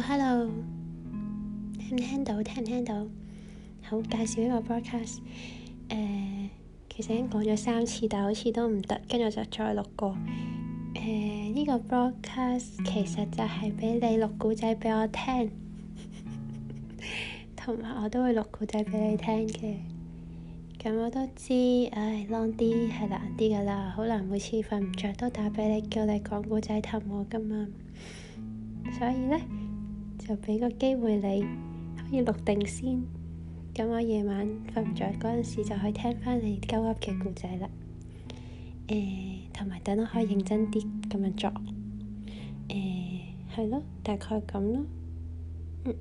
hello hello，聽唔聽到？聽唔聽到？好，介紹呢個 broadcast 誒、呃，其實已經講咗三次，但係好似都唔得，跟住我就再錄過誒。呢、呃呢個 broadcast 其實就係俾你錄故仔俾我聽，同 埋我都會錄故仔俾你聽嘅。咁我都知，唉，long 啲係難啲㗎啦，好難。每次瞓唔着都打俾你，叫你講故仔氹我㗎嘛，所以呢。就俾個機會你可以錄定先，咁我夜晚瞓唔著嗰陣時就可以聽翻你鳩噏嘅故仔啦。誒、呃，同埋等我可以認真啲咁樣作。誒、呃，係咯，大概咁咯。嗯。